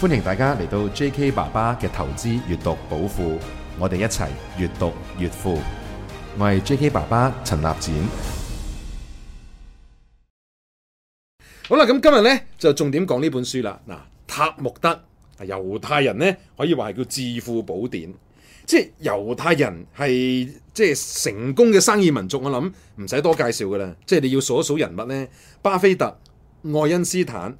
歡迎大家嚟到 J.K. 爸爸嘅投資閱讀寶庫，我哋一齊閱讀越富。我係 J.K. 爸爸陳立展。好啦，咁今日咧就重點講呢本書啦。《塔木德》，猶太人呢，可以話係叫致富寶典，即係猶太人係即、就是、成功嘅生意民族。我諗唔使多介紹噶啦，即係你要數一數人物呢：巴菲特、愛因斯坦。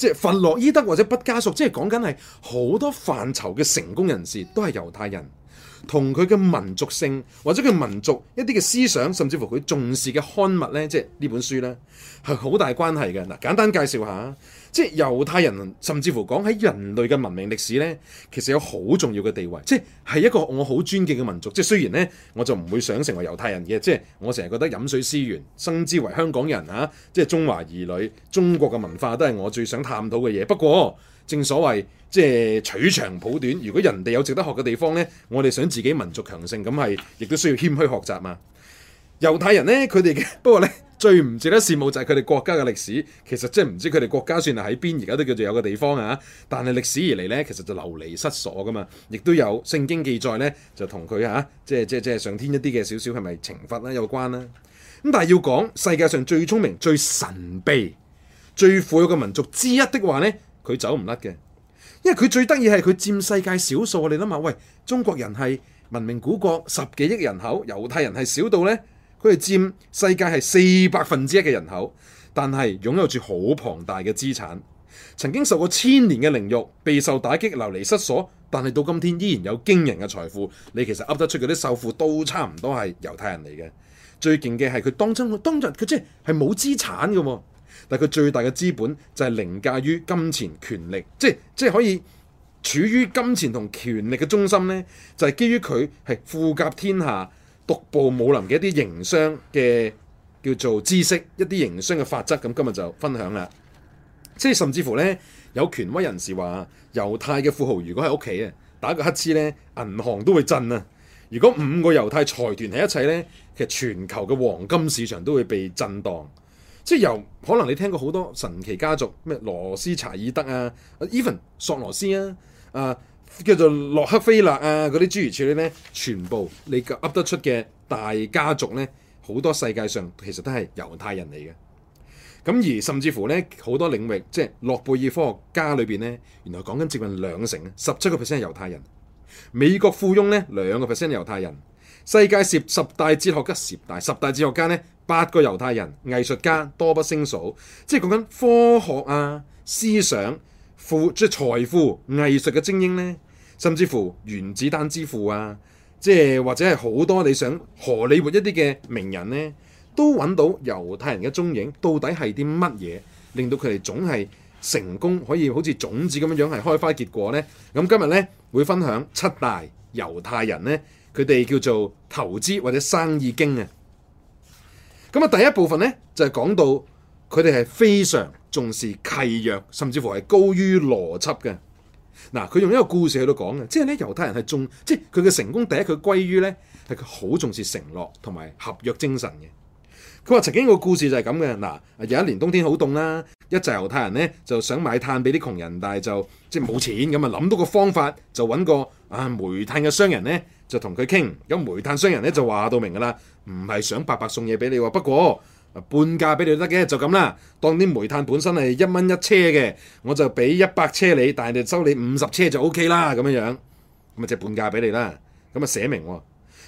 即係弗洛伊德或者畢加索，即係講緊係好多範疇嘅成功人士都係猶太人，同佢嘅民族性或者佢民族一啲嘅思想，甚至乎佢重視嘅刊物呢，即係呢本書呢，係好大關係嘅。嗱，簡單介紹下。即係猶太人，甚至乎講喺人類嘅文明歷史呢，其實有好重要嘅地位，即係一個我好尊敬嘅民族。即係雖然呢，我就唔會想成為猶太人嘅，即係我成日覺得飲水思源，生之為香港人啊，即係中華兒女、中國嘅文化都係我最想探討嘅嘢。不過正所謂即係取長補短，如果人哋有值得學嘅地方呢，我哋想自己民族強盛咁係，亦都需要謙虛學習嘛。猶太人咧，佢哋嘅不過咧最唔值得羨慕就係佢哋國家嘅歷史，其實即係唔知佢哋國家算係喺邊，而家都叫做有個地方啊！但係歷史而嚟咧，其實就流離失所噶嘛，亦都有聖經記載咧，就同佢嚇即係即係即係上天一啲嘅少少係咪懲罰啦、啊、有關啦、啊。咁但係要講世界上最聰明、最神秘、最富有嘅民族之一的話咧，佢走唔甩嘅，因為佢最得意係佢佔世界少數。你諗下，喂，中國人係文明古國，十幾億人口，猶太人係少到咧。佢係佔世界係四百分之一嘅人口，但係擁有住好龐大嘅資產。曾經受過千年嘅凌辱，備受打擊，流離失所，但係到今天依然有驚人嘅財富。你其實噏得出嗰啲首富都差唔多係猶太人嚟嘅。最勁嘅係佢當真，當日佢即係冇資產嘅，但佢最大嘅資本就係凌駕於金錢權力，即係即係可以處於金錢同權力嘅中心呢，就係基於佢係富甲天下。獨步武林嘅一啲營商嘅叫做知識，一啲營商嘅法則，咁今日就分享啦。即係甚至乎呢，有權威人士話，猶太嘅富豪如果喺屋企啊，打個乞嗤呢，銀行都會震啊。如果五個猶太財團喺一齊呢，其實全球嘅黃金市場都會被震盪。即係由可能你聽過好多神奇家族，咩羅斯柴爾德啊，Even 索羅斯啊，啊。叫做洛克菲勒啊，嗰啲諸如此類咧，全部你噏得出嘅大家族咧，好多世界上其實都係猶太人嚟嘅。咁而甚至乎咧，好多領域即係諾貝爾科學家裏邊咧，原來講緊接近兩成啊，十七個 percent 係猶太人。美國富翁咧，兩個 percent 係猶太人。世界涉十大哲學家涉大，十大哲學家咧八個猶太人，藝術家多不勝數，即係講緊科學啊，思想富即係財富、藝術嘅精英呢，甚至乎原子彈之父啊，即係或者係好多你想荷里活一啲嘅名人呢，都揾到猶太人嘅蹤影。到底係啲乜嘢令到佢哋總係成功，可以好似種子咁樣樣係開花結果呢？咁今日呢，會分享七大猶太人呢，佢哋叫做投資或者生意經啊。咁啊，第一部分呢，就係講到佢哋係非常，重視契約，甚至乎係高於邏輯嘅。嗱，佢用一個故事喺度講嘅，即係咧猶太人係重，即係佢嘅成功第一，佢歸於咧係佢好重視承諾同埋合約精神嘅。佢話曾經個故事就係咁嘅。嗱，有一年冬天好凍啦，一陣猶太人咧就想買炭俾啲窮人，但係就即係冇錢咁啊，諗到個方法就揾個啊煤炭嘅商人咧就同佢傾，咁煤炭商人咧就話到明噶啦，唔係想白白送嘢俾你喎，不過。半價俾你得嘅，就咁啦。當啲煤炭本身係一蚊一車嘅，我就俾一百車你，但係你收你五十車就 OK 啦。咁樣樣，咁咪即係半價俾你啦。咁啊寫明哦。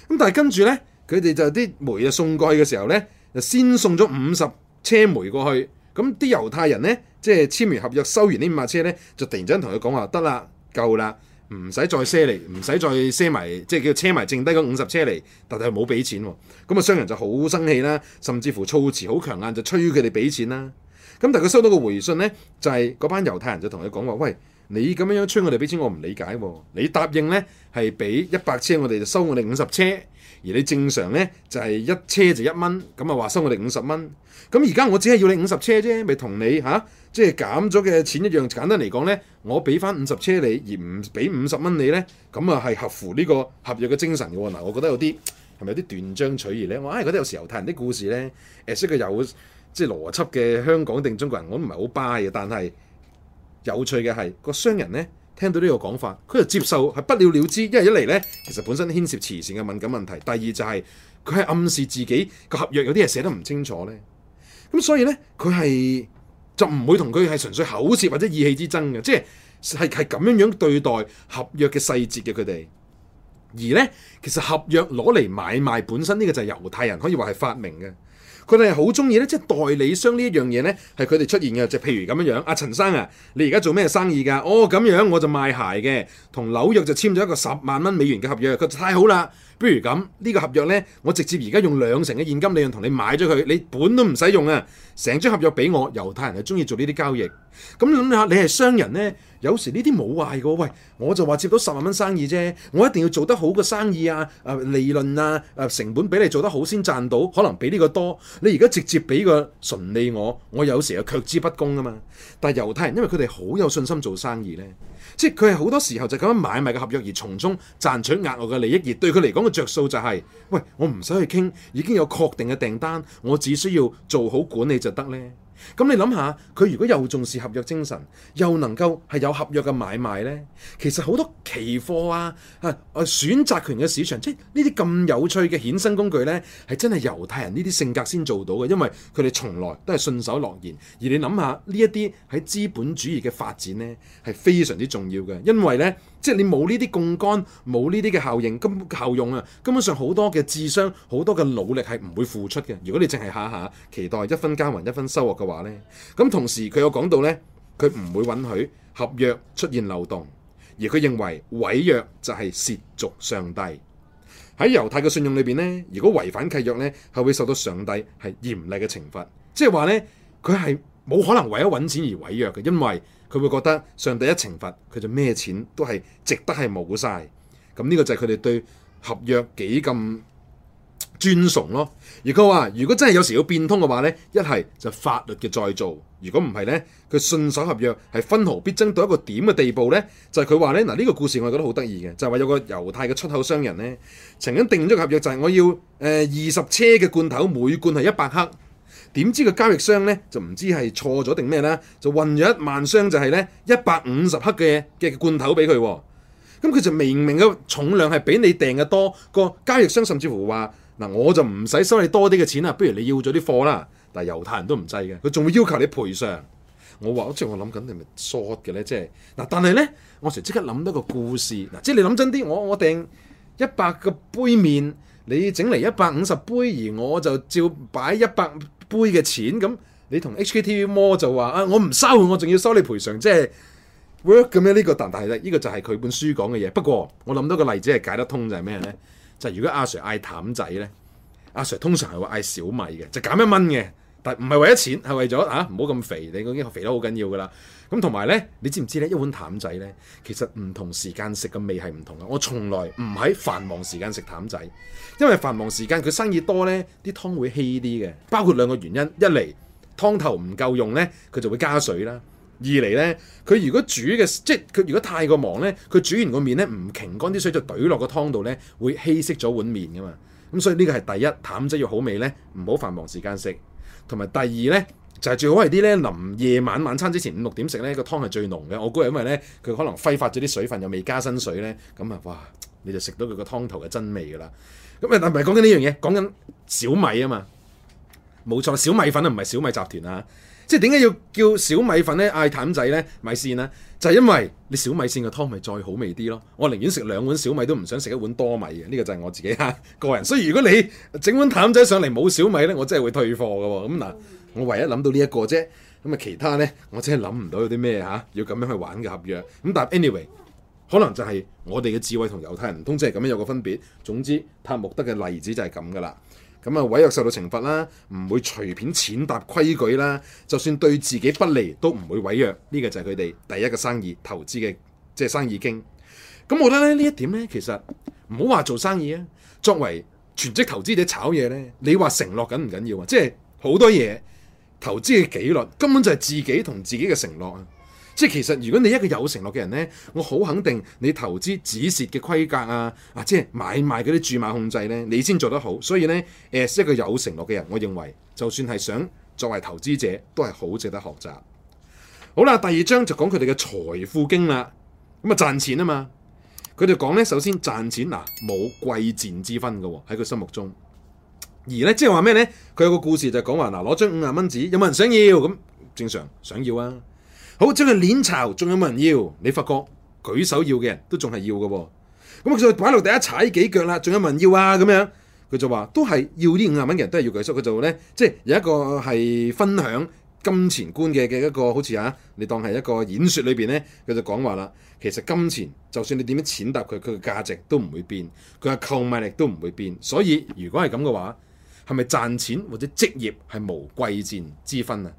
咁但係跟住呢，佢哋就啲煤啊送過去嘅時候呢，就先送咗五十車煤過去。咁啲猶太人呢，即係簽完合約收完呢五百車呢，就突然間同佢講話得啦，夠啦。唔使再車嚟，唔使再車埋，即係叫車埋剩低嗰五十車嚟，但係冇俾錢喎、啊。咁啊商人就好生氣啦、啊，甚至乎措辭好強硬，就催佢哋俾錢啦、啊。咁但係佢收到個回信呢，就係、是、嗰班猶太人就同佢講話：「喂，你咁樣樣催我哋俾錢，我唔理解、啊。你答應呢，係俾一百車我，我哋就收我哋五十車。而你正常咧就係、是、一車就一蚊，咁啊話收我哋五十蚊。咁而家我只係要你五十車啫，咪同你嚇、啊，即係減咗嘅錢一樣。簡單嚟講咧，我俾翻五十車你，而唔俾五十蚊你咧，咁啊係合乎呢個合約嘅精神嘅喎。嗱，我覺得有啲係咪有啲斷章取義咧？我硬係覺得有時候猶太人啲故事咧，誒識個有即係邏輯嘅香港定中國人，我唔係好 buy 嘅，但係有趣嘅係個商人咧。聽到呢個講法，佢就接受係不了了之，因為一嚟呢，其實本身牽涉慈善嘅敏感問題；第二就係佢係暗示自己個合約有啲嘢寫得唔清楚呢。咁所以呢，佢係就唔會同佢係純粹口舌或者意氣之爭嘅，即係係咁樣樣對待合約嘅細節嘅佢哋。而呢，其實合約攞嚟買賣本身呢個就係猶太人可以話係發明嘅。佢哋係好中意咧，即係代理商呢一樣嘢咧，係佢哋出現嘅，就譬如咁樣樣。阿、啊、陳生啊，你而家做咩生意㗎？哦，咁樣我就賣鞋嘅，同紐約就簽咗一個十萬蚊美元嘅合約，佢太好啦。不如咁，呢個合約呢，我直接而家用兩成嘅現金利潤同你買咗佢，你本都唔使用啊，成張合約俾我。猶太人係中意做呢啲交易，咁諗下你係商人呢，有時呢啲冇壞噶。喂，我就話接到十萬蚊生意啫，我一定要做得好個生意啊！誒，利潤啊，誒，成本比你做得好先賺到，可能比呢個多。你而家直接俾個純利我，我有時係卻之不恭啊嘛。但係猶太人因為佢哋好有信心做生意呢。即係佢係好多時候就咁樣買賣嘅合約，而從中賺取額外嘅利益，而對佢嚟講嘅着數就係：喂，我唔使去傾，已經有確定嘅訂單，我只需要做好管理就得咧。咁你諗下，佢如果又重視合約精神，又能夠係有合約嘅買賣呢？其實好多期貨啊啊選擇權嘅市場，即係呢啲咁有趣嘅衍生工具呢，係真係猶太人呢啲性格先做到嘅，因為佢哋從來都係信守諾言。而你諗下呢一啲喺資本主義嘅發展呢，係非常之重要嘅，因為呢。即係你冇呢啲槓桿，冇呢啲嘅效應，根本效用啊！根本上好多嘅智商，好多嘅努力係唔會付出嘅。如果你淨係下下期待一分耕耘一分收穫嘅話咧，咁同時佢又講到咧，佢唔會允許合約出現漏洞，而佢認為違約就係褻瀆上帝。喺猶太嘅信用裏邊咧，如果違反契約咧，係會受到上帝係嚴厲嘅懲罰。即係話咧，佢係冇可能為咗揾錢而違約嘅，因為。佢會覺得上帝一懲罰，佢就咩錢都係值得係冇晒。咁呢個就係佢哋對合約幾咁尊崇咯。如果話：如果真係有時要變通嘅話呢，一係就法律嘅再造；如果唔係呢，佢信守合約係分毫必爭到一個點嘅地步呢，就係佢話呢，嗱，呢個故事我覺得好得意嘅，就係話有個猶太嘅出口商人呢，曾經訂咗個合約，就係我要誒二十車嘅罐頭，每罐係一百克。點知個交易商咧就唔知係錯咗定咩咧，就運咗一萬箱就係咧一百五十克嘅嘅罐頭俾佢，咁佢就明明個重量係比你訂嘅多。個交易商甚至乎話嗱我就唔使收你多啲嘅錢啦，不如你要咗啲貨啦。但係猶太人都唔制嘅，佢仲會要求你賠償。我話好似我諗緊你咪 short 嘅咧，即係嗱，但係咧我成即刻諗到個故事嗱，即係你諗真啲，我我訂一百個杯麵，你整嚟一百五十杯，而我就照擺一百。杯嘅錢咁，你同 HKTV 魔，就話啊，我唔收，我仲要收你賠償，即係 work 咁樣呢個。但係咧，呢個就係佢本書講嘅嘢。不過我諗到個例子係解得通就係咩咧？就係如果阿 Sir 嗌淡仔咧，阿 Sir 通常係會嗌小米嘅，就減一蚊嘅，但唔係為咗錢，係為咗啊唔好咁肥，你已經肥得好緊要噶啦。咁同埋呢，你知唔知呢？一碗譚仔呢，其實唔同時間食嘅味係唔同嘅。我從來唔喺繁忙時間食譚仔，因為繁忙時間佢生意多呢，啲湯會稀啲嘅。包括兩個原因：一嚟湯頭唔夠用呢，佢就會加水啦；二嚟呢，佢如果煮嘅即係佢如果太過忙呢，佢煮完個麵呢，唔攰乾啲水就懟落個湯度呢，會稀釋咗碗麵㗎嘛。咁所以呢個係第一，譚仔要好味呢，唔好繁忙時間食。同埋第二呢。就係最好係啲咧，臨夜晚晚餐之前五六點食咧，個湯係最濃嘅。我估係因為咧，佢可能揮發咗啲水分，又未加新水咧，咁啊，哇！你就食到佢個湯頭嘅真味噶啦。咁啊，唔係講緊呢樣嘢，講緊小米啊嘛，冇錯，小米粉啊，唔係小米集團啊。即係點解要叫小米粉咧？嗌淡仔咧，米線咧、啊，就係、是、因為你小米線嘅湯咪再好味啲咯。我寧願食兩碗小米都唔想食一碗多米嘅。呢、這個就係我自己嚇、啊、個人。所以如果你整碗淡仔上嚟冇小米咧，我真係會退貨嘅。咁、啊、嗱。我唯一諗到呢一個啫，咁啊其他呢？我真係諗唔到有啲咩吓要咁樣去玩嘅合約。咁但係 anyway，可能就係我哋嘅智慧同猶太人唔通即係咁樣有個分別。總之，塔木德嘅例子就係咁噶啦。咁啊，違約受到懲罰啦，唔會隨便踐踏規矩啦。就算對自己不利都唔會違約。呢、這個就係佢哋第一個生意投資嘅即係生意經。咁我覺得咧呢一點呢，其實唔好話做生意啊。作為全職投資者炒嘢呢，你話承諾緊唔緊要啊？即係好多嘢。投資嘅紀律根本就係自己同自己嘅承諾啊！即係其實如果你一個有承諾嘅人呢，我好肯定你投資止蝕嘅規格啊啊！即係買賣嗰啲注碼控制呢，你先做得好。所以呢，誒一個有承諾嘅人，我認為就算係想作為投資者，都係好值得學習。好啦，第二章就講佢哋嘅財富經啦。咁啊賺錢啊嘛，佢哋講呢，首先賺錢嗱，冇貴賤之分嘅喎，喺佢心目中。而咧，即係話咩咧？佢有個故事就係講話，嗱，攞張五十蚊紙，有冇人想要？咁正常，想要啊！好，將佢碾炒，仲有冇人要？你發覺舉手要嘅人都仲係要嘅，哦。咁佢就擺落地下，踩幾腳啦，仲有冇人要啊？咁樣，佢就話都係要啲五十蚊嘅人都係要嘅。所以佢就咧，即係有一個係分享金錢觀嘅嘅一個，好似啊，你當係一個演說裏邊咧，佢就講話啦。其實金錢就算你點樣踐踏佢，佢嘅價值都唔會變，佢嘅購買力都唔會變。所以如果係咁嘅話，係咪賺錢或者職業係無貴賤之分啊？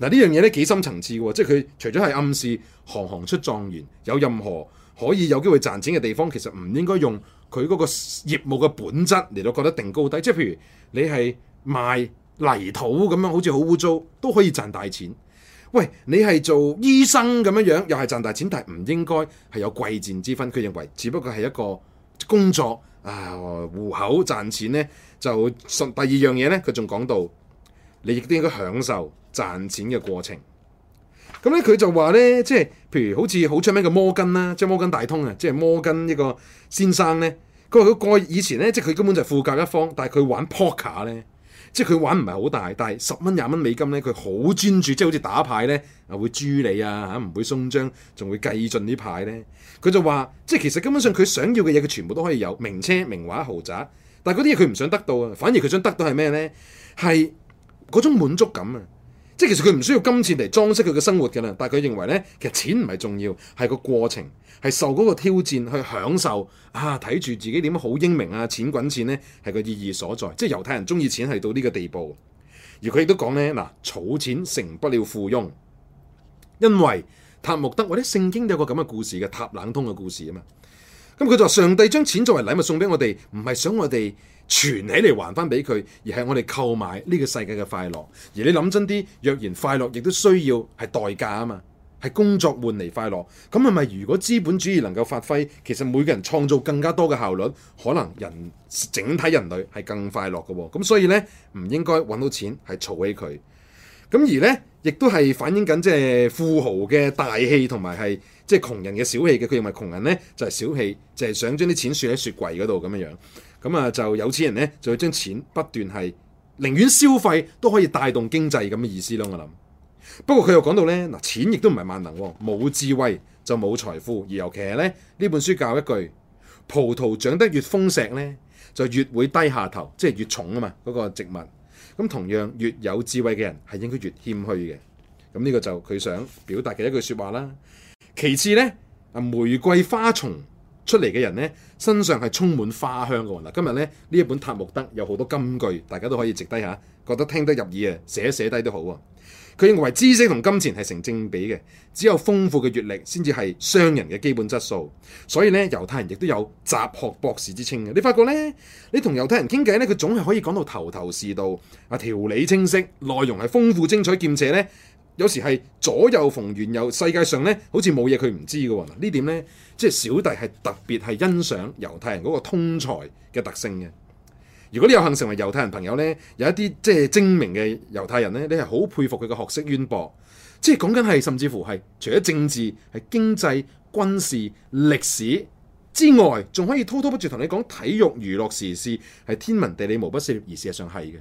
嗱，呢樣嘢咧，幾深層次嘅，即係佢除咗係暗示行行出狀元，有任何可以有機會賺錢嘅地方，其實唔應該用佢嗰個業務嘅本質嚟到覺得定高低。即係譬如你係賣泥土咁樣，好似好污糟，都可以賺大錢。喂，你係做醫生咁樣樣，又係賺大錢，但係唔應該係有貴賤之分。佢認為只不過係一個工作。啊、哎！戶口賺錢咧，就第二樣嘢咧，佢仲講到，你亦都應該享受賺錢嘅過程。咁咧，佢就話咧，即係譬如好似好出名嘅摩根啦，即係摩根大通啊，即係摩根呢個先生咧，佢話佢過以前咧，即係佢根本就係富甲一方，但係佢玩 poker 咧。即係佢玩唔係好大，但係十蚊廿蚊美金咧，佢好專注，即係好似打牌咧，啊會豬你啊嚇，唔會鬆張，仲會計進啲牌咧。佢就話，即係其實根本上佢想要嘅嘢，佢全部都可以有名車、名畫、豪宅，但嗰啲嘢佢唔想得到啊，反而佢想得到係咩咧？係嗰種滿足感啊！即係其實佢唔需要金錢嚟裝飾佢嘅生活嘅啦，但係佢認為呢，其實錢唔係重要，係個過程，係受嗰個挑戰去享受啊！睇住自己點樣好英明啊！錢滾錢呢係個意義所在，即係猶太人中意錢係到呢個地步。而佢亦都講呢：「嗱，儲錢成不了富翁，因為塔木德或者聖經都有個咁嘅故事嘅塔冷通嘅故事啊嘛。咁佢就話上帝將錢作為禮物送俾我哋，唔係想我哋。存起嚟還翻俾佢，而係我哋購買呢個世界嘅快樂。而你諗真啲，若然快樂亦都需要係代價啊嘛，係工作換嚟快樂。咁係咪如果資本主義能夠發揮，其實每個人創造更加多嘅效率，可能人整體人類係更快樂嘅？咁所以呢，唔應該揾到錢係儲起佢。咁而呢，亦都係反映緊即係富豪嘅大氣，同埋係即係窮人嘅小氣嘅。佢認為窮人呢，就係、是、小氣，就係、是、想將啲錢雪喺雪櫃嗰度咁樣樣。咁啊，就有錢人呢，就會將錢不斷係，寧願消費都可以帶動經濟咁嘅意思咯。我諗，不過佢又講到呢，嗱錢亦都唔係萬能、喎，冇智慧就冇財富。而尤其係呢本書教一句：葡萄長得越豐碩呢，就越會低下頭，即係越重啊嘛，嗰個植物。咁同樣，越有智慧嘅人係應該越謙虛嘅。咁呢個就佢想表達嘅一句說話啦。其次呢，玫瑰花叢。出嚟嘅人呢，身上係充滿花香嘅喎。嗱，今日呢，呢一本塔木德有好多金句，大家都可以值低下，覺得聽得入耳啊，寫一寫低都好喎。佢認為知識同金錢係成正比嘅，只有豐富嘅閱歷先至係商人嘅基本質素。所以呢，猶太人亦都有雜學博士之稱嘅。你發覺呢，你同猶太人傾偈呢，佢總係可以講到頭頭是道，啊條理清晰，內容係豐富精彩兼且呢。有時係左右逢源，又世界上咧好似冇嘢佢唔知嘅喎。這點呢點咧即係小弟係特別係欣賞猶太人嗰個通才嘅特性嘅。如果你有幸成為猶太人朋友咧，有一啲即係精明嘅猶太人咧，你係好佩服佢嘅學識淵博，即係講緊係甚至乎係除咗政治、係經濟、軍事、歷史之外，仲可以滔滔不絕同你講體育、娛樂、時事，係天文地理無不涉，而事實上係嘅。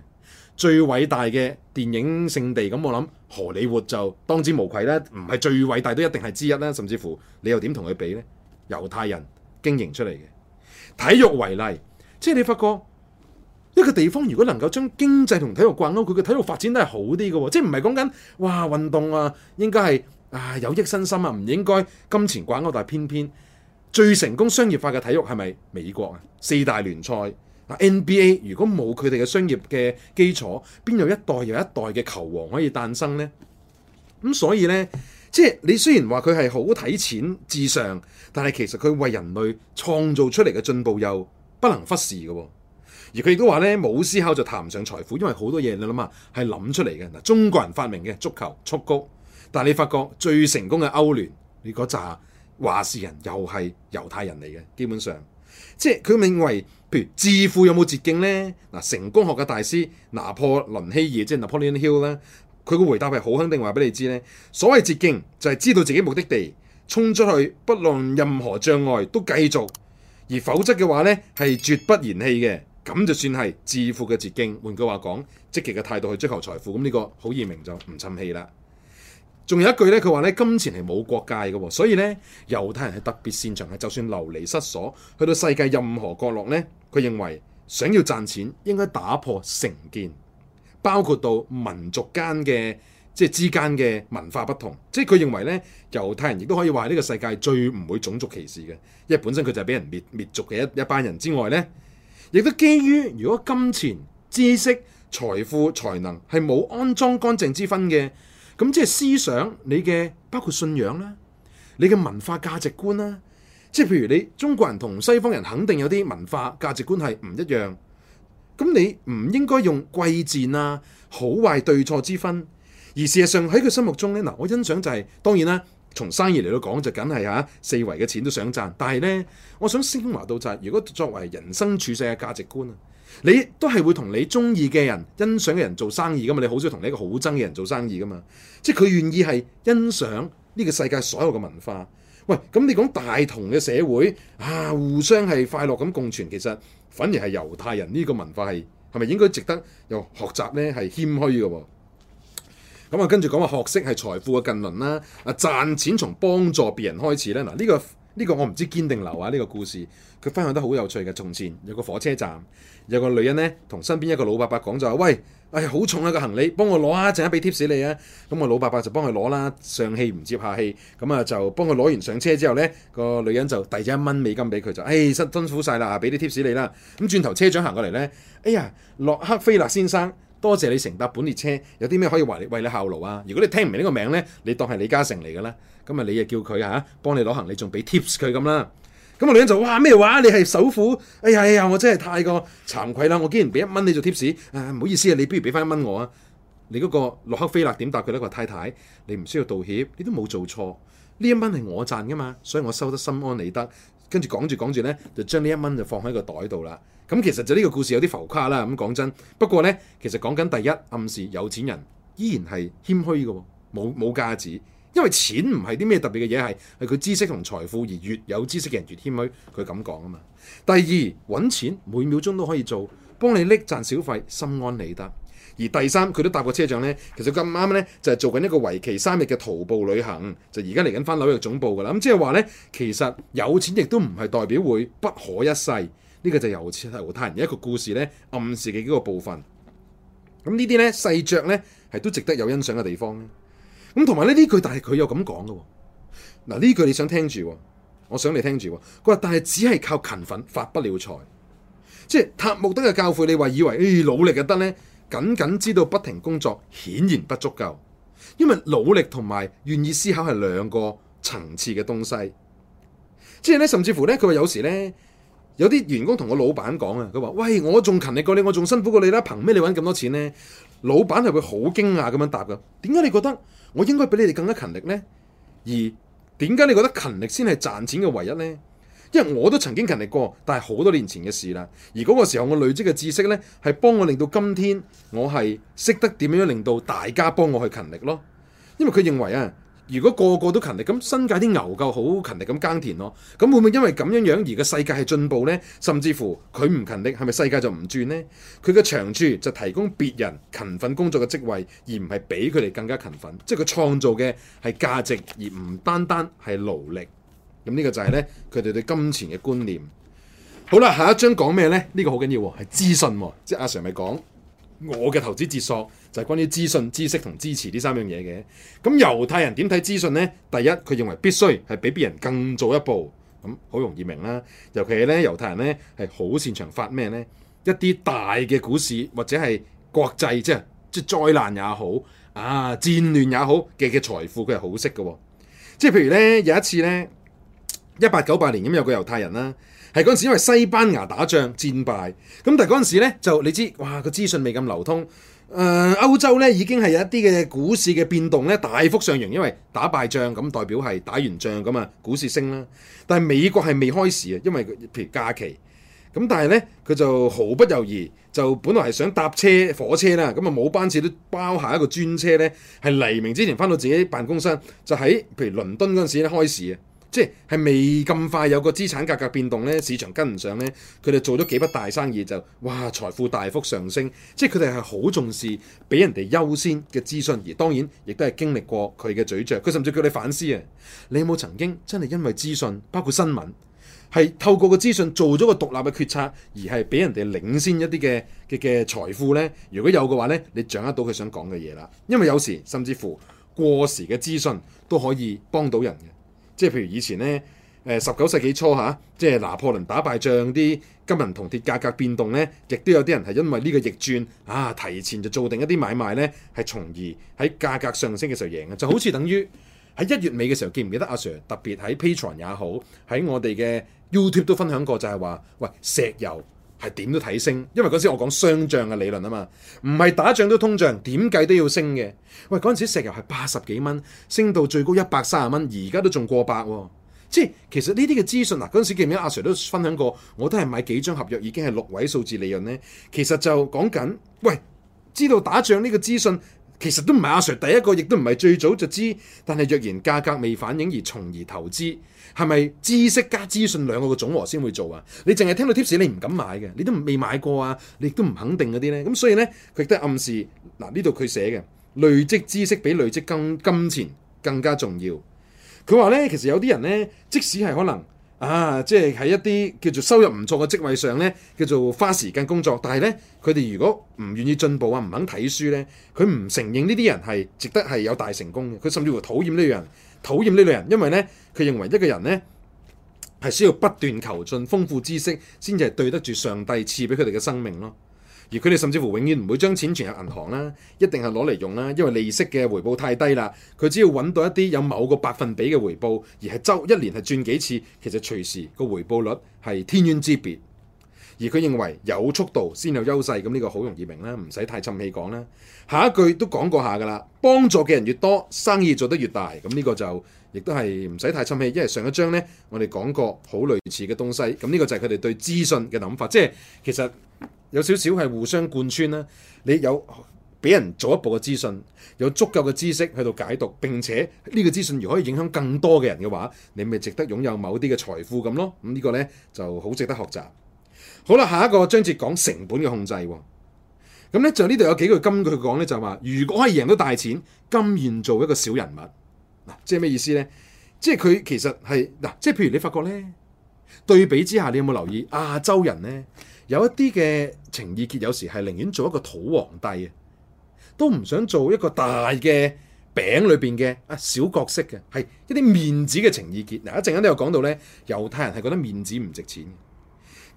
最偉大嘅電影勝地，咁我諗荷里活就當之無愧啦，唔係最偉大都一定係之一啦，甚至乎你又點同佢比呢？猶太人經營出嚟嘅體育為例，即係你發覺一個地方如果能夠將經濟同體育掛鈎，佢嘅體育發展都係好啲嘅，即係唔係講緊哇運動啊，應該係啊有益身心啊，唔應該金錢掛鈎，但係偏偏最成功商業化嘅體育係咪美國啊？四大聯賽。NBA 如果冇佢哋嘅商業嘅基礎，邊有一代又一代嘅球王可以誕生呢？咁所以呢，即係你雖然話佢係好睇錢至上，但係其實佢為人類創造出嚟嘅進步又不能忽視嘅。而佢亦都話呢，冇思考就談唔上財富，因為好多嘢你諗下係諗出嚟嘅。嗱，中國人發明嘅足球、蹴鞠，但你發覺最成功嘅歐聯，你嗰紮話事人又係猶太人嚟嘅，基本上。即係佢認為，譬如致富有冇捷徑呢？嗱，成功學嘅大師拿破崙希爾，即係拿破崙 Hill 啦，佢嘅回答係好肯定，話俾你知呢，所謂捷徑就係、是、知道自己目的地，衝出去，不論任何障礙都繼續；而否則嘅話呢，係絕不言棄嘅。咁就算係致富嘅捷徑。換句話講，積極嘅態度去追求財富，咁呢個好易明就唔沉氣啦。仲有一句咧，佢話咧，金錢係冇國界嘅喎，所以咧猶太人係特別擅長係，就算流離失所，去到世界任何角落咧，佢認為想要賺錢應該打破成見，包括到民族間嘅即係之間嘅文化不同，即係佢認為咧猶太人亦都可以話呢個世界最唔會種族歧視嘅，因為本身佢就係俾人滅滅族嘅一一班人之外咧，亦都基於如果金錢、知識、財富、才能係冇安裝乾淨之分嘅。咁即係思想，你嘅包括信仰啦，你嘅文化價值觀啦，即係譬如你中國人同西方人肯定有啲文化價值觀係唔一樣。咁你唔應該用貴賤啊、好壞對錯之分，而事實上喺佢心目中咧，嗱，我欣賞就係，當然啦，從生意嚟到講就梗係嚇四圍嘅錢都想賺，但係咧，我想昇華到就係如果作為人生處世嘅價值觀咧。你都係會同你中意嘅人、欣賞嘅人做生意㗎嘛？你好少同你一個好憎嘅人做生意㗎嘛？即係佢願意係欣賞呢個世界所有嘅文化。喂，咁你講大同嘅社會啊，互相係快樂咁共存，其實反而係猶太人呢個文化係係咪應該值得又學習呢？係謙虛嘅。咁啊，跟住講話學識係財富嘅近鄰啦。啊，賺錢從幫助別人開始咧。嗱，呢個。呢個我唔知道堅定留啊！呢，這個故事佢分享得好有趣嘅。從前有個火車站，有個女人呢，同身邊一個老伯伯講就話，喂，哎好重一，啊這個行李，幫我攞啊，陣間俾貼士你啊！咁個老伯伯就幫佢攞啦，上氣唔接下氣，咁啊就幫佢攞完上車之後呢，個女人就遞咗一蚊美金俾佢就，哎，辛苦晒啦，啊，俾啲貼士你啦！咁轉頭車長行過嚟呢，哎呀，洛克菲勒先生。多謝你乘搭本列車，有啲咩可以為你為你效勞啊？如果你聽唔明呢個名呢，你當係李嘉誠嚟噶啦，咁啊你啊叫佢啊，幫你攞行李，仲俾 tips 佢咁啦。咁個女人就哇咩話？你係首富，哎呀呀，我真係太過慚愧啦！我竟然俾一蚊你做 tips，唔好意思啊，你不如俾翻一蚊我啊。你嗰個洛克菲勒點答佢呢？個太太，你唔需要道歉，你都冇做錯，呢一蚊係我賺噶嘛，所以我收得心安理得。跟住講住講住咧，就將呢一蚊就放喺個袋度啦。咁其實就呢個故事有啲浮誇啦。咁講真，不過咧，其實講緊第一暗示有錢人依然係謙虛嘅，冇冇架子，因為錢唔係啲咩特別嘅嘢，係係佢知識同財富，而越有知識嘅人越謙虛。佢咁講啊嘛。第二，搵錢每秒鐘都可以做，幫你拎賺小費，心安理得。而第三，佢都搭過車長咧。其實咁啱咧，就係、是、做緊一個為期三日嘅徒步旅行，就而家嚟緊返紐約總部㗎喇。咁即係話咧，其實有錢亦都唔係代表會不可一世。呢、這個就由猶太人一個故事咧，暗示嘅幾個部分。咁呢啲咧細着咧，係都值得有欣賞嘅地方。咁同埋呢呢句，但係佢又咁講嘅。嗱、啊、呢句你想聽住，我想你聽住。佢話：但係只係靠勤奮發不了財。即係塔木德嘅教誨，你話以為誒、哎、努力就得咧？僅僅知道不停工作，顯然不足夠，因為努力同埋願意思考係兩個層次嘅東西。即係咧，甚至乎咧，佢話有時咧，有啲員工同個老闆講啊，佢話：「喂，我仲勤力過你，我仲辛苦過你啦，憑咩你搵咁多錢呢？老闆係會好驚訝咁樣答噶。點解你覺得我應該比你哋更加勤力呢？而點解你覺得勤力先係賺錢嘅唯一呢？」因為我都曾經勤力過，但係好多年前嘅事啦。而嗰個時候我累積嘅知識呢，係幫我令到今天我係識得點樣令到大家幫我去勤力咯。因為佢認為啊，如果個個都勤力，咁新界啲牛夠好勤力咁耕田咯，咁會唔會因為咁樣樣而個世界係進步呢？甚至乎佢唔勤力，係咪世界就唔轉呢？佢嘅長處就提供別人勤奮工作嘅職位，而唔係俾佢哋更加勤奮，即係佢創造嘅係價值，而唔單單係勞力。咁呢個就係咧，佢哋對金錢嘅觀念。好啦，下一章講咩咧？呢、這個好緊要喎，係資訊喎。即係阿 Sir 咪講，我嘅投資哲學就係、是、關於資訊、知識同支持呢三樣嘢嘅。咁猶太人點睇資訊咧？第一，佢認為必須係比別人更早一步，咁、嗯、好容易明啦。尤其係咧，猶太人咧係好擅長發咩咧？一啲大嘅股市或者係國際，即係即係災難也好，啊戰亂也好嘅嘅財富，佢係好識嘅、哦。即係譬如咧，有一次咧。一八九八年咁有個猶太人啦，係嗰陣時因為西班牙打仗戰敗，咁但係嗰陣時咧就你知，哇個資訊未咁流通，誒、呃、歐洲咧已經係有一啲嘅股市嘅變動咧大幅上揚，因為打敗仗咁代表係打完仗咁啊，股市升啦。但係美國係未開市啊，因為譬如假期，咁但係咧佢就毫不猶豫，就本來係想搭車火車啦，咁啊冇班次都包下一個專車咧，係黎明之前返到自己辦公室，就喺譬如倫敦嗰陣時咧開始。啊。即係未咁快有個資產價格變動呢，市場跟唔上呢，佢哋做咗幾筆大生意就，哇，財富大幅上升。即係佢哋係好重視俾人哋優先嘅資訊，而當然亦都係經歷過佢嘅咀嚼。佢甚至叫你反思啊！你有冇曾經真係因為資訊，包括新聞，係透過個資訊做咗個獨立嘅決策，而係俾人哋領先一啲嘅嘅嘅財富呢？如果有嘅話呢，你掌握到佢想講嘅嘢啦。因為有時甚至乎過時嘅資訊都可以幫到人嘅。即係譬如以前咧，誒十九世紀初嚇、啊，即係拿破崙打敗仗，啲金銀銅鐵價格變動咧，亦都有啲人係因為呢個逆轉啊，提前就做定一啲買賣咧，係從而喺價格上升嘅時候贏嘅，就好似等於喺一月尾嘅時候，記唔記得阿 Sir 特別喺 Patreon 也好，喺我哋嘅 YouTube 都分享過就是說，就係話喂石油。係點都睇升，因為嗰陣時我講雙漲嘅理論啊嘛，唔係打仗都通脹，點計都要升嘅。喂，嗰陣時石油係八十幾蚊，升到最高一百三十蚊，而家都仲過百喎，即係其實呢啲嘅資訊嗱，嗰陣時記唔記得阿 Sir 都分享過，我都係買幾張合約已經係六位數字利潤呢？其實就講緊，喂，知道打仗呢個資訊。其實都唔係阿 Sir，第一個亦都唔係最早就知，但係若然價格未反映而從而投資，係咪知識加資訊兩個嘅總和先會做啊？你淨係聽到貼士，你唔敢買嘅，你都未買過啊，你亦都唔肯定嗰啲呢。咁所以呢，佢亦都暗示嗱呢度佢寫嘅累積知識比累積金金錢更加重要。佢話呢，其實有啲人呢，即使係可能。啊，即係喺一啲叫做收入唔錯嘅職位上呢，叫做花時間工作。但係呢，佢哋如果唔願意進步啊，唔肯睇書呢，佢唔承認呢啲人係值得係有大成功嘅。佢甚至乎討厭呢類人，討厭呢類人，因為呢，佢認為一個人呢係需要不斷求進、豐富知識，先至係對得住上帝賜俾佢哋嘅生命咯。而佢哋甚至乎永遠唔會將錢存入銀行啦，一定係攞嚟用啦，因為利息嘅回報太低啦。佢只要揾到一啲有某個百分比嘅回報，而係周一年係轉幾次，其實隨時個回報率係天淵之別。而佢認為有速度先有優勢，咁呢個好容易明啦，唔使太沉氣講啦。下一句都講過下噶啦，幫助嘅人越多，生意做得越大，咁呢個就亦都係唔使太沉氣，因為上一章呢，我哋講過好類似嘅東西。咁呢個就係佢哋對資訊嘅諗法，即係其實。有少少係互相貫穿啦，你有俾人做一步嘅資訊，有足夠嘅知識喺度解讀，並且呢個資訊如可以影響更多嘅人嘅話，你咪值得擁有某啲嘅財富咁咯。咁呢個咧就好值得學習。好啦，下一個章節講成本嘅控制喎。咁咧就呢度有幾句金句講咧，就話如果可以贏到大錢，甘願做一個小人物。嗱，即係咩意思咧？即係佢其實係嗱，即係譬如你發覺咧，對比之下，你有冇留意亞洲人咧？有一啲嘅情意結，有時係寧願做一個土皇帝啊，都唔想做一個大嘅餅裏邊嘅啊小角色嘅，係一啲面子嘅情意結。嗱，一陣間都有講到咧，猶太人係覺得面子唔值錢。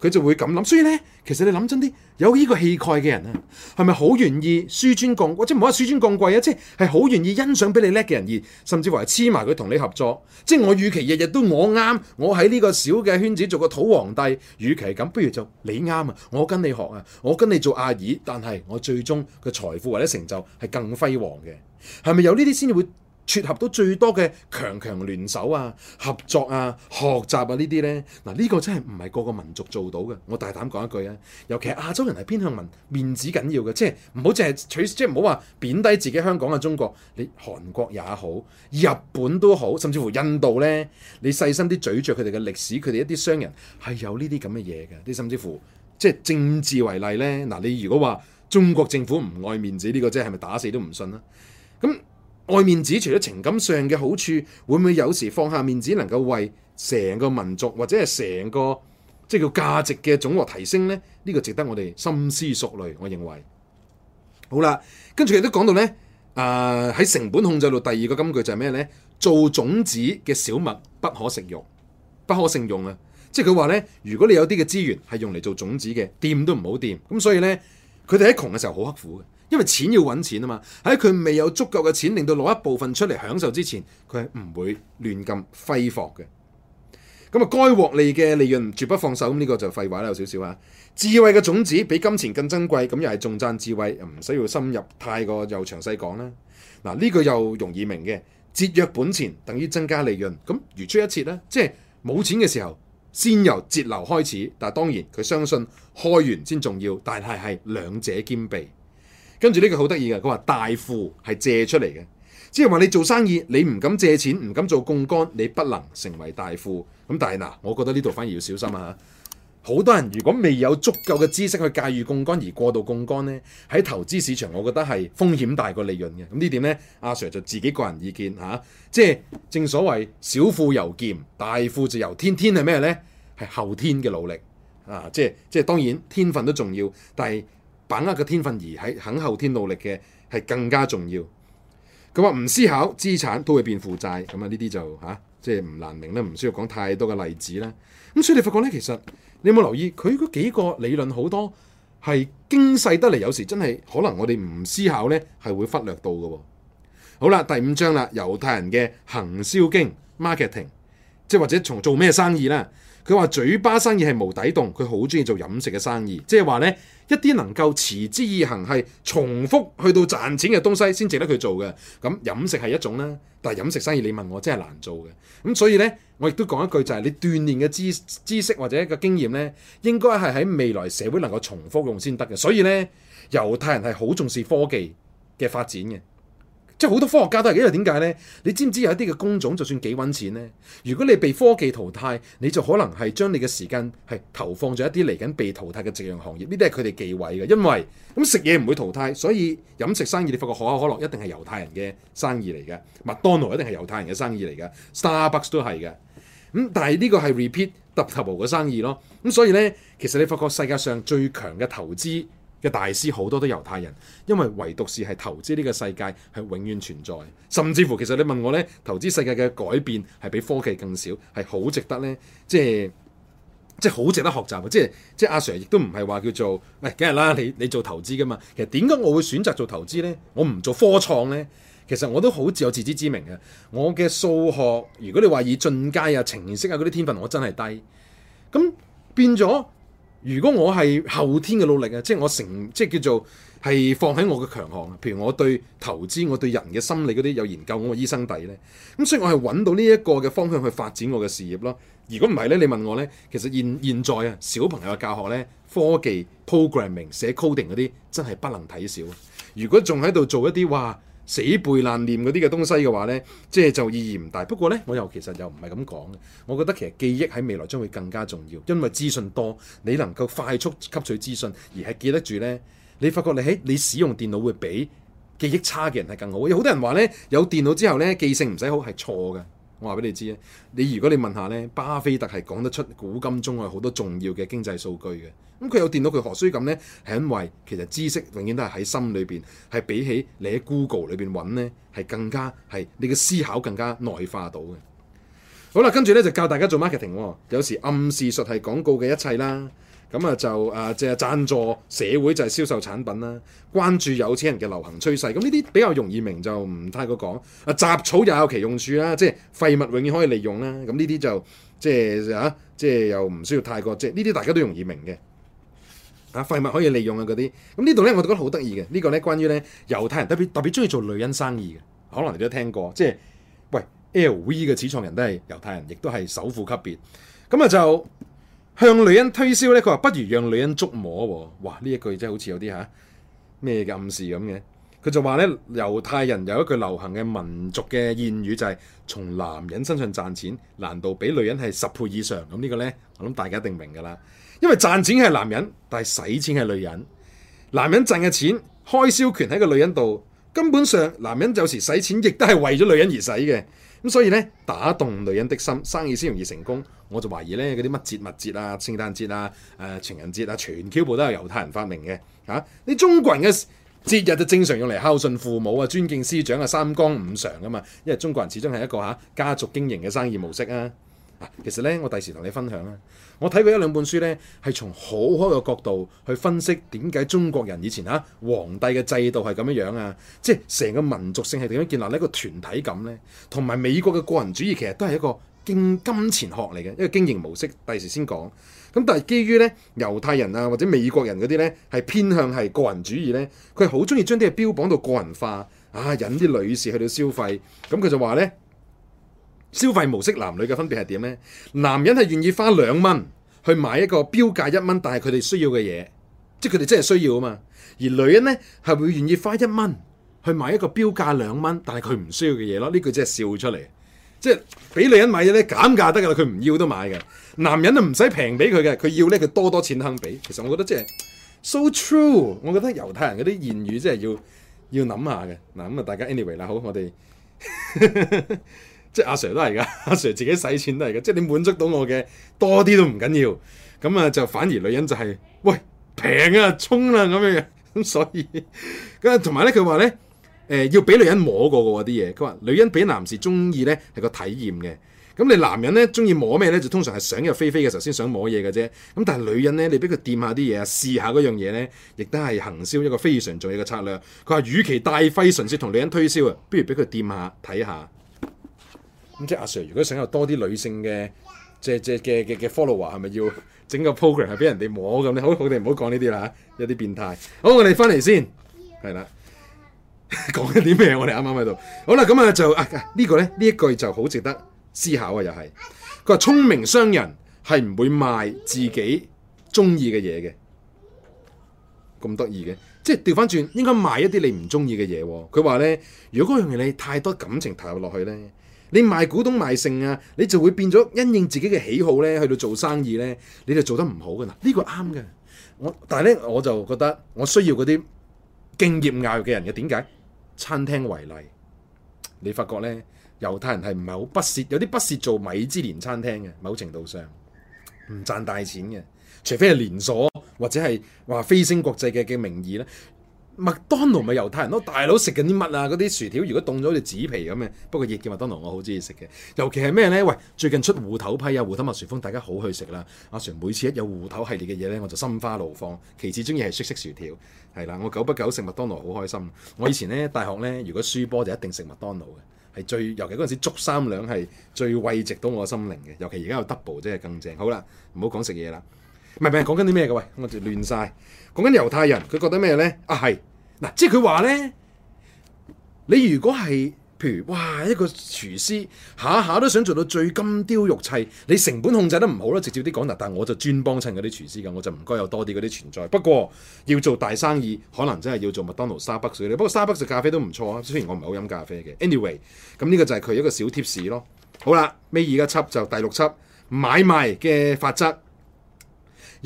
佢就會咁諗，所以咧，其實你諗真啲，有呢個氣概嘅人啊，係咪好願意輸尊降，或者唔好話輸尊降貴啊，即係係好願意欣賞俾你叻嘅人而，甚至話黐埋佢同你合作，即係我與其日日都我啱，我喺呢個小嘅圈子做個土皇帝，與其係咁，不如就你啱啊，我跟你學啊，我跟你做阿姨。但係我最終嘅財富或者成就係更輝煌嘅，係咪有呢啲先會？撮合到最多嘅強強聯手啊、合作啊、學習啊呢啲呢，嗱、這、呢個真係唔係個個民族做到嘅。我大膽講一句啊，尤其係亞洲人係偏向面，面子緊要嘅，即係唔好淨係取，即係唔好話貶低自己香港嘅中國。你韓國也好，日本都好，甚至乎印度呢，你細心啲咀嚼佢哋嘅歷史，佢哋一啲商人係有呢啲咁嘅嘢嘅。啲甚至乎即係政治為例呢。嗱你如果話中國政府唔愛面子呢、這個真係咪打死都唔信啦？咁愛面子除咗情感上嘅好處，會唔會有時放下面子能夠為成個民族或者係成個即係叫價值嘅總和提升呢？呢、這個值得我哋深思熟慮。我認為好啦，跟住亦都講到呢，誒、呃、喺成本控制度第二個金句就係咩呢？做種子嘅小麥不可食用，不可食用啊！即係佢話呢：「如果你有啲嘅資源係用嚟做種子嘅，掂都唔好掂。咁所以呢，佢哋喺窮嘅時候好刻苦嘅。因為錢要揾錢啊嘛，喺佢未有足夠嘅錢令到攞一部分出嚟享受之前，佢係唔會亂咁揮霍嘅。咁啊，該獲利嘅利潤絕不放手，呢、這個就廢話啦，有少少啊。智慧嘅種子比金錢更珍貴，咁又係重讚智慧，唔需要深入太過又詳細講啦。嗱，呢個又容易明嘅，節約本錢等於增加利潤，咁如出一轍呢，即係冇錢嘅時候，先由節流開始，但係當然佢相信開源先重要，但係係兩者兼備。跟住呢個好得意嘅，佢話大富係借出嚟嘅，即係話你做生意，你唔敢借錢，唔敢做槓桿，你不能成為大富。咁但係嗱，我覺得呢度反而要小心啊！好多人如果未有足夠嘅知識去駕馭槓桿而過度槓桿呢，喺投資市場，我覺得係風險大過利潤嘅。咁呢點呢，阿、啊、Sir 就自己個人意見嚇、啊，即係正所謂小富由儉，大富就由天。天係咩呢？係後天嘅努力啊！即係即係，當然天分都重要，但係。把握嘅天分而喺肯後天努力嘅係更加重要。佢話唔思考資產都會變負債，咁啊呢啲就嚇，即係唔難明啦，唔需要講太多嘅例子啦。咁所以你發覺咧，其實你有冇留意佢嗰幾個理論好多係精細得嚟，有時真係可能我哋唔思考咧，係會忽略到嘅。好啦，第五章啦，猶太人嘅行銷經 marketing，即係或者從做咩生意啦。佢話嘴巴生意係無底洞，佢好中意做飲食嘅生意，即係話呢，一啲能夠持之以恒、係重複去到賺錢嘅東西先值得佢做嘅。咁飲食係一種啦，但係飲食生意你問我真係難做嘅。咁所以呢，我亦都講一句就係，你鍛鍊嘅知知識或者一個經驗呢，應該係喺未來社會能夠重複用先得嘅。所以呢，猶太人係好重視科技嘅發展嘅。即係好多科學家都係，因為點解咧？你知唔知有一啲嘅工種就算幾搵錢咧？如果你被科技淘汰，你就可能係將你嘅時間係投放咗一啲嚟緊被淘汰嘅夕陽行業。呢啲係佢哋忌諱嘅，因為咁食嘢唔會淘汰，所以飲食生意你發覺可口可樂一定係猶太人嘅生意嚟嘅，麥當勞一定係猶太人嘅生意嚟嘅，Starbucks 都係嘅。咁但係呢個係 repeat double 嘅生意咯。咁所以咧，其實你發覺世界上最強嘅投資嘅大師好多都猶太人，因為唯獨是係投資呢個世界係永遠存在的，甚至乎其實你問我呢，投資世界嘅改變係比科技更少，係好值得呢？即係即係好值得學習，即係即係阿 Sir 亦都唔係話叫做喂，梗係啦，你你做投資㗎嘛，其實點解我會選擇做投資呢？我唔做科創呢，其實我都好自有自知之明嘅。我嘅數學，如果你話以進階啊、程式啊嗰啲天分，我真係低。咁變咗。如果我係後天嘅努力啊，即係我成即係叫做係放喺我嘅強項，譬如我對投資、我對人嘅心理嗰啲有研究，我嘅醫生底咧，咁所以我係揾到呢一個嘅方向去發展我嘅事業咯。如果唔係咧，你問我咧，其實現，現在啊小朋友嘅教學咧，科技 programming 寫 coding 嗰啲真係不能睇少。如果仲喺度做一啲話死背爛念嗰啲嘅東西嘅話呢，即係就意義唔大。不過呢，我又其實又唔係咁講嘅。我覺得其實記憶喺未來將會更加重要，因為資訊多，你能夠快速吸取資訊而係記得住呢，你發覺你喺你使用電腦會比記憶差嘅人係更好。有好多人話呢，有電腦之後呢，記性唔使好係錯嘅。我話俾你知啊，你如果你問下咧，巴菲特係講得出古今中外好多重要嘅經濟數據嘅，咁佢有電腦，佢何須咁呢？係因為其實知識永遠都係喺心裏邊，係比起你喺 Google 裏邊揾呢，係更加，係你嘅思考更加內化到嘅。好啦，跟住咧就教大家做 marketing，有時暗示術係廣告嘅一切啦。咁啊就啊即係贊助社會就係銷售產品啦，關注有錢人嘅流行趨勢。咁呢啲比較容易明，就唔太過講。啊，雜草又有其用處啦，即係廢物永遠可以利用啦。咁呢啲就即係吓，即係、啊、又唔需要太過。即係呢啲大家都容易明嘅。啊，廢物可以利用嘅嗰啲。咁呢度咧，我覺得好得意嘅。這個、呢個咧關於咧猶太人特別特別中意做女人生意嘅，可能你都聽過。即係喂，LV 嘅始創人都係猶太人，亦都係首富級別。咁啊就。向女人推銷咧，佢話不如讓女人觸摸喎。哇！呢一句真係好似有啲吓咩嘅暗示咁嘅。佢就話咧，猶太人有一句流行嘅民族嘅諺語，就係從男人身上賺錢，難度比女人係十倍以上。咁呢個呢，我諗大家一定明噶啦。因為賺錢係男人，但係使錢係女人。男人賺嘅錢，開銷權喺個女人度。根本上，男人有時使錢，亦都係為咗女人而使嘅。咁所以咧，打動女人的心，生意先容易成功。我就懷疑咧，嗰啲乜節物節啊、聖誕節啊、誒、啊、情人節啊，全部都係猶太人發明嘅。嚇、啊，你中國人嘅節日就正常用嚟孝順父母啊、尊敬師長啊、三綱五常㗎嘛。因為中國人始終係一個嚇、啊、家族經營嘅生意模式啊。其實咧，我第時同你分享啦。我睇過一兩本書咧，係從好開嘅角度去分析點解中國人以前嚇皇帝嘅制度係咁樣樣啊，即係成個民族性係點樣建立呢個團體感呢？同埋美國嘅個人主義其實都係一,一個經金錢學嚟嘅，一個經營模式，第時先講。咁但係基於咧猶太人啊或者美國人嗰啲咧係偏向係個人主義咧，佢好中意將啲嘢標榜到個人化啊，引啲女士去到消費，咁、嗯、佢就話咧。消費模式男女嘅分別係點呢？男人係願意花兩蚊去買一個標價一蚊，但係佢哋需要嘅嘢，即係佢哋真係需要啊嘛。而女人呢，係會願意花一蚊去買一個標價兩蚊，但係佢唔需要嘅嘢咯。呢句真係笑出嚟，即係俾女人買嘢呢，減價得噶啦，佢唔要都買嘅。男人啊唔使平俾佢嘅，佢要呢，佢多多錢肯俾。其實我覺得即係 So true，我覺得猶太人嗰啲言語真係要要諗下嘅嗱。咁啊，大家 anyway 啦，好，我哋。 即係阿 sir 都係噶，阿 sir 自己使錢都係噶。即係你滿足到我嘅多啲都唔緊要，咁啊就反而女人就係喂平啊衝啦咁樣樣。咁所以咁啊同埋咧，佢話咧誒要俾女人摸過嘅啲嘢。佢話女人俾男士中意咧係個體驗嘅。咁你男人咧中意摸咩咧就通常係想入非非嘅，時候先想摸嘢嘅啫。咁但係女人咧，你俾佢掂下啲嘢啊，試下嗰樣嘢咧，亦都係行銷一個非常重要嘅策略。佢話與其大費唇舌同女人推銷啊，不如俾佢掂下睇下。看看咁即係阿 Sir，如果想有多啲女性嘅即即嘅嘅嘅 follower，係咪要整個 program 係俾人哋摸咁咧？好，我哋唔好講呢啲啦，吓有啲變態。好，我哋翻嚟先，係、啊、啦，講緊啲咩？我哋啱啱喺度。好啦，咁啊就呢個咧，呢一句就好值得思考啊！又係佢話聰明商人係唔會賣自己中意嘅嘢嘅，咁得意嘅，即係調翻轉，應該賣一啲你唔中意嘅嘢。佢話咧，如果嗰樣嘢你太多感情投入落去咧。你賣古董賣性啊，你就會變咗因應自己嘅喜好咧，去到做生意咧，你就做得唔好噶啦。呢、這個啱嘅，我但係咧，我就覺得我需要嗰啲敬業硬嘅人嘅。點解？餐廳為例，你發覺咧，猶太人係唔係好不屑，有啲不屑做米芝蓮餐廳嘅，某程度上唔賺大錢嘅，除非係連鎖或者係話飛升國際嘅嘅名義咧。麥當勞咪猶太人咯，大佬食緊啲乜啊？嗰啲薯條如果凍咗，好似紙皮咁嘅。不過熱嘅麥當勞我好中意食嘅，尤其係咩呢？喂，最近出芋頭批啊，芋頭麥旋風大家好去食啦。阿、啊、Sir 每次一有芋頭系列嘅嘢呢，我就心花怒放。其次中意係色色薯條，係啦，我久不久食麥當勞好開心。我以前呢，大學呢，如果輸波就一定食麥當勞嘅，係最尤其嗰陣時捉三兩係最慰藉到我心靈嘅。尤其而家有 double 即係更正。好啦，唔好講食嘢啦。唔係唔係，講緊啲咩嘅喂？我就亂晒。講緊猶太人，佢覺得咩呢？啊係，嗱，啊，即係佢話呢：「你如果係譬如哇一個廚師，下下都想做到最金雕玉砌，你成本控制得唔好啦，直接啲講嗱。但係我就專幫襯嗰啲廚師㗎，我就唔該有多啲嗰啲存在。不過要做大生意，可能真係要做麥當勞、沙北水。不過沙北水咖啡都唔錯啊，雖然我唔係好飲咖啡嘅。Anyway，咁呢個就係佢一個小貼士咯。好啦，尾二嘅輯就第六輯：買賣嘅法則。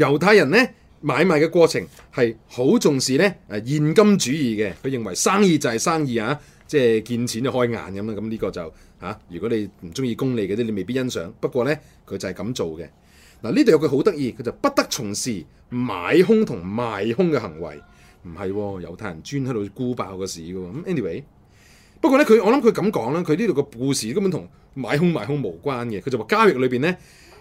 猶太人咧，買賣嘅過程係好重視咧，誒現金主義嘅，佢認為生意就係生意啊，即係見錢就開眼咁啦。咁呢個就嚇、啊，如果你唔中意功利嗰啲，你未必欣賞。不過咧，佢就係咁做嘅。嗱，呢度有句好得意，佢就不得從事買空同賣空嘅行為，唔係、啊。猶太人專喺度沽爆個市嘅。咁、啊、anyway，不過咧，佢，我諗佢咁講啦，佢呢度個故事根本同買空賣空無關嘅。佢就話交易裏邊咧。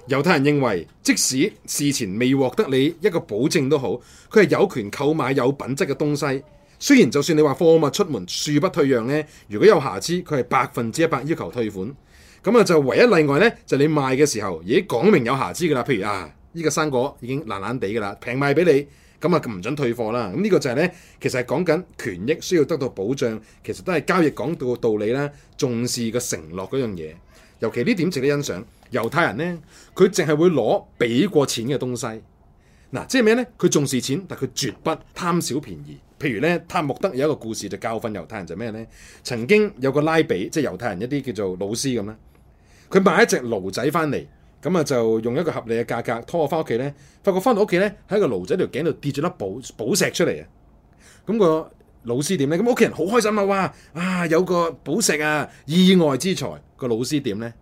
猶太人認為，即使事前未獲得你一個保證都好，佢係有權購買有品質嘅東西。雖然就算你話貨物出門恕不退讓呢，如果有瑕疵，佢係百分之一百要求退款。咁啊，就唯一例外呢，就是、你賣嘅時候已經講明有瑕疵噶啦。譬如啊，呢個生果已經爛爛地噶啦，平賣俾你，咁啊唔准退貨啦。咁呢個就係、是、呢，其實係講緊權益需要得到保障，其實都係交易講到道，道理啦，重視個承諾嗰樣嘢。尤其呢點值得欣賞。猶太人咧，佢淨係會攞俾過錢嘅東西。嗱、啊，即係咩咧？佢重視錢，但佢絕不貪小便宜。譬如咧，塔木德有一個故事就教訓猶太人就咩咧？曾經有個拉比，即係猶太人一啲叫做老師咁啦。佢買一隻驢仔翻嚟，咁啊就用一個合理嘅價格拖我翻屋企咧。發覺翻到屋企咧，喺個驢仔條頸度跌咗粒寶寶石出嚟啊！咁、那個老師點咧？咁屋企人好開心啊！哇啊，有個寶石啊！意外之財，個老師點咧？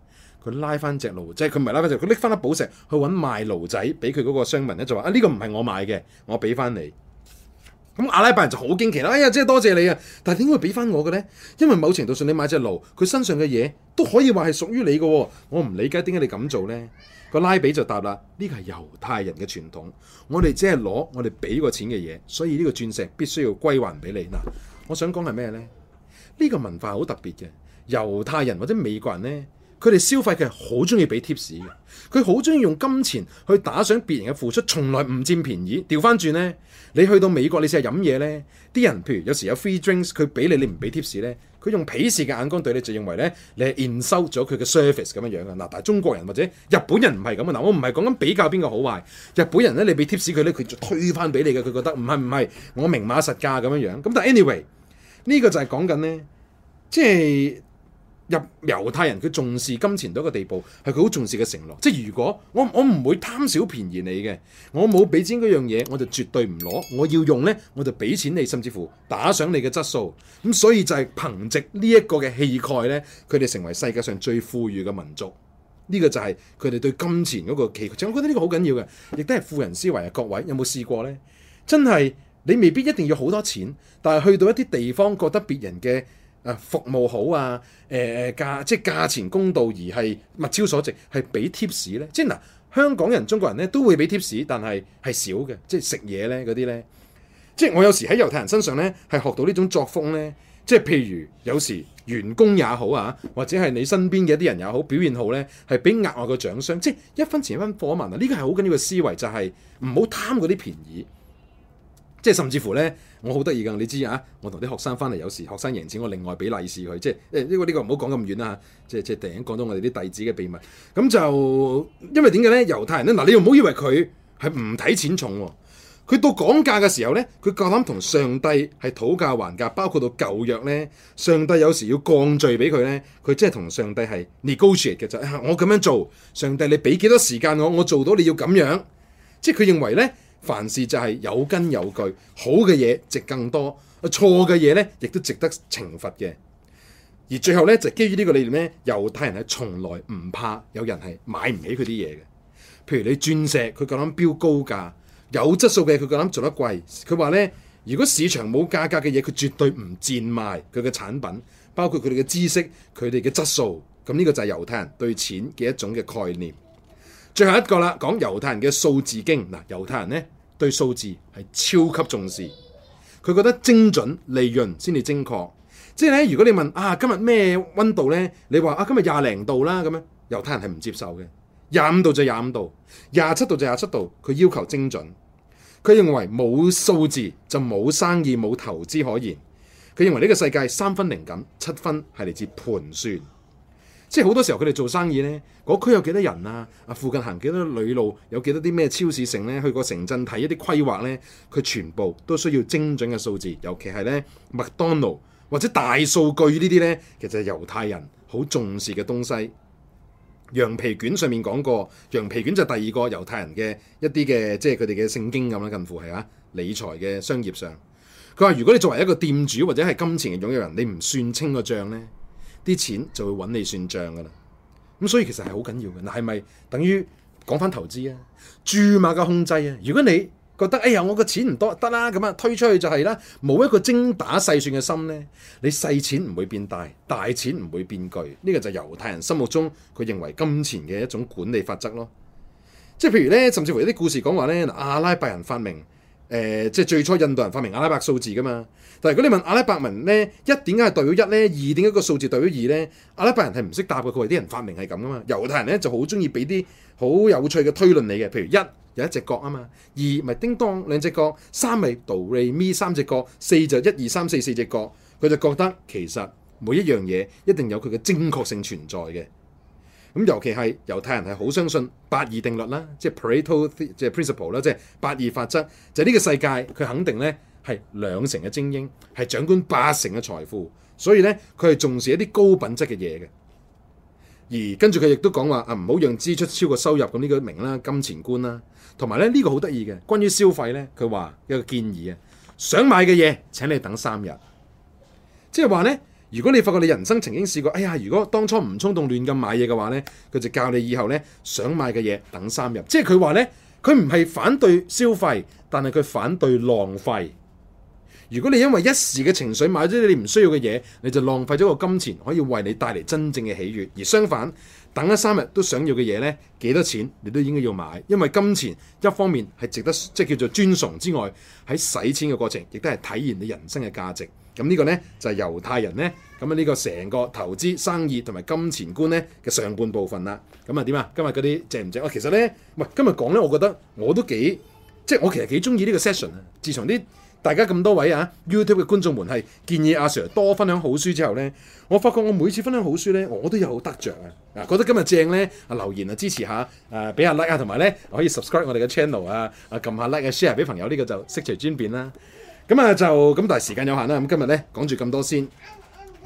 佢拉翻隻奴，即係佢唔係拉翻隻佢拎翻粒寶石去揾賣奴仔他，俾佢嗰個商民咧就話：啊呢、這個唔係我買嘅，我俾翻你。咁阿拉伯人就好驚奇啦！哎呀，真係多謝你啊！但係點解會俾翻我嘅咧？因為某程度上你買隻奴，佢身上嘅嘢都可以話係屬於你嘅。哦，我唔理解點解你咁做咧？個拉比就答啦：呢個係猶太人嘅傳統，我哋只係攞我哋俾過錢嘅嘢，所以呢個鑽石必須要歸還俾你。嗱，我想講係咩咧？呢、這個文化好特別嘅，猶太人或者美國人咧。佢哋消費嘅好中意俾 tips 嘅，佢好中意用金錢去打賞別人嘅付出，從來唔佔便宜。調翻轉呢，你去到美國，你試下飲嘢呢啲人，譬如有時有 free drinks，佢俾你，你唔俾 tips 咧，佢用鄙視嘅眼光對你就認為呢，你係 insult 咗佢嘅 service 咁樣樣啊。嗱，但係中國人或者日本人唔係咁啊。嗱，我唔係講緊比較邊個好壞。日本人呢，你俾 tips 佢呢，佢就推翻俾你嘅，佢覺得唔係唔係，我明碼實價咁樣樣。咁但 anyway，呢個就係講緊呢。即係。入猶太人佢重視金錢到一個地步，係佢好重視嘅承諾。即係如果我我唔會貪小便宜你嘅，我冇俾錢嗰樣嘢，我就絕對唔攞。我要用呢，我就俾錢你，甚至乎打賞你嘅質素。咁所以就係憑藉呢一個嘅氣概呢，佢哋成為世界上最富裕嘅民族。呢個就係佢哋對金錢嗰個奇。我覺得呢個好緊要嘅，亦都係富人思維啊！各位有冇試過呢？真係你未必一定要好多錢，但係去到一啲地方覺得別人嘅。服務好啊，誒、呃、價即係價錢公道，而係物超所值，係俾 tips 咧。即係嗱，香港人、中國人咧都會俾 tips，但係係少嘅。即係食嘢咧嗰啲咧，即係我有時喺猶太人身上咧係學到呢種作風咧。即係譬如有時員工也好啊，或者係你身邊嘅一啲人也好，表現好咧係俾額外個獎賞，即係一分錢一分貨啊嘛。呢個係好緊要嘅思維，就係唔好貪嗰啲便宜。即係甚至乎咧，我好得意㗎，你知啊？我同啲學生返嚟，有時學生贏錢，我另外俾利是佢。即係誒，呢、欸這個呢個唔好講咁遠啦、啊。即係即係突然講到我哋啲弟子嘅秘密。咁就因為點解咧？猶太人咧，嗱，你又唔好以為佢係唔睇錢重喎。佢到講價嘅時候咧，佢夠膽同上帝係討價還價，包括到舊約咧，上帝有時要降罪俾佢咧，佢即係同上帝係 negotiate 嘅就係，我咁樣做，上帝你俾幾多時間我，我做到你要咁樣。即係佢認為咧。凡事就係有根有據，好嘅嘢值更多，錯嘅嘢呢亦都值得懲罰嘅。而最後呢，就基於呢個理念呢，猶太人係從來唔怕有人係買唔起佢啲嘢嘅。譬如你鑽石，佢夠膽標高價，有質素嘅佢夠膽做得貴。佢話呢，如果市場冇價格嘅嘢，佢絕對唔賤賣佢嘅產品，包括佢哋嘅知識、佢哋嘅質素。咁呢個就係猶太人對錢嘅一種嘅概念。最後一個啦，講猶太人嘅數字經嗱，猶太人咧對數字係超級重視，佢覺得精準、利潤先至精確。即係咧，如果你問啊，今日咩溫度咧？你話啊，今日廿零度啦咁樣，猶太人係唔接受嘅。廿五度就廿五度，廿七度就廿七度，佢要求精準，佢認為冇數字就冇生意、冇投資可言。佢認為呢個世界三分靈感，七分係嚟自盤算。即係好多時候佢哋做生意呢，嗰區有幾多人啊？啊，附近行幾多里路，有幾多啲咩超市城呢？去個城鎮睇一啲規劃呢，佢全部都需要精準嘅數字。尤其係呢麥當勞或者大數據呢啲呢，其實係猶太人好重視嘅東西。羊皮卷上面講過，羊皮卷就第二個猶太人嘅一啲嘅即係佢哋嘅聖經咁啦，近乎係啊，理財嘅商業上。佢話：如果你作為一個店主或者係金錢嘅擁有人，你唔算清個帳呢。啲錢就會揾你算賬噶啦，咁所以其實係好緊要嘅嗱，係咪等於講翻投資啊？注碼嘅控制啊，如果你覺得哎呀，我個錢唔多得啦，咁啊推出去就係啦，冇一個精打細算嘅心呢，你細錢唔會變大，大錢唔會變巨，呢個就係猶太人心目中佢認為金錢嘅一種管理法則咯，即係譬如呢，甚至乎有啲故事講話呢，阿拉伯人發明。誒、呃，即係最初印度人發明阿拉伯數字噶嘛。但係如果你問阿拉伯文咧，一點解係代表一咧，二點解個數字代表二咧？阿拉伯人係唔識答嘅。佢話啲人發明係咁噶嘛。猶太人咧就好中意俾啲好有趣嘅推論你嘅，譬如一有一隻角啊嘛，二咪叮當兩隻角，三咪哆唻咪三隻角，四就一二三四四隻角。佢就覺得其實每一樣嘢一定有佢嘅正確性存在嘅。咁尤其係猶太人係好相信八二定律啦，即係 Pareto 即係 Principle 啦，即係八二法則，就係呢個世界佢肯定咧係兩成嘅精英係掌管八成嘅財富，所以咧佢係重視一啲高品質嘅嘢嘅。而跟住佢亦都講話啊，唔好讓支出超過收入。咁呢個名啦，金錢觀啦，同埋咧呢個好得意嘅，關於消費咧，佢話一個建議啊，想買嘅嘢，請你等三日，即係話咧。如果你發覺你人生曾經試過，哎呀！如果當初唔衝動亂咁買嘢嘅話，呢佢就教你以後呢，想買嘅嘢等三日。即係佢話呢，佢唔係反對消費，但係佢反對浪費。如果你因為一時嘅情緒買咗你唔需要嘅嘢，你就浪費咗個金錢，可以為你帶嚟真正嘅喜悅。而相反。等一三日都想要嘅嘢呢，幾多錢你都應該要買，因為金錢一方面係值得，即係叫做尊崇之外，喺使錢嘅過程亦都係體現你人生嘅價值。咁呢個呢，就係猶太人呢，咁啊呢個成個投資生意同埋金錢觀呢嘅上半部分啦。咁啊點啊？今日嗰啲正唔正啊？其實呢，喂，今日講呢，我覺得我都幾即係我其實幾中意呢個 session 啊。自從啲大家咁多位啊！YouTube 嘅觀眾們係建議阿、啊、Sir 多分享好書之後呢。我發覺我每次分享好書呢，我都有得着啊！啊，覺得今日正呢，啊留言啊支持下，畀、啊、俾下 like 啊，同埋呢，可以 subscribe 我哋嘅 channel 啊，啊撳下 like、啊、share 俾朋友，呢、呢個就悉隨尊便啦。咁啊就咁，但係時間有限啦，咁今日呢，講住咁多先。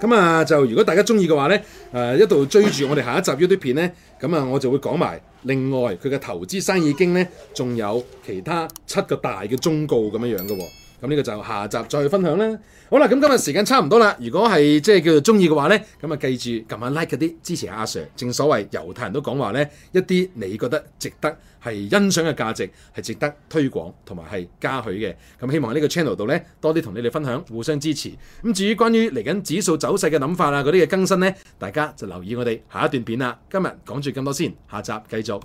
咁啊就如果大家中意嘅話呢，啊、一度追住我哋下一集 YouTube 片呢，咁啊我就會講埋另外佢嘅投資生意經呢，仲有其他七個大嘅忠告咁樣樣嘅喎。咁呢個就下集再分享啦。好啦，咁今日時間差唔多啦。如果係即係叫做鍾意嘅話呢，咁啊記住撳下 like 嗰啲，支持下阿 Sir。正所謂猶太人都講話呢，一啲你覺得值得係欣賞嘅價值係值得推廣同埋係嘉許嘅。咁希望喺呢個 channel 度呢，多啲同你哋分享，互相支持。咁至於關於嚟緊指數走勢嘅諗法啊，嗰啲嘅更新呢，大家就留意我哋下一段片啦。今日講住咁多先，下集繼續。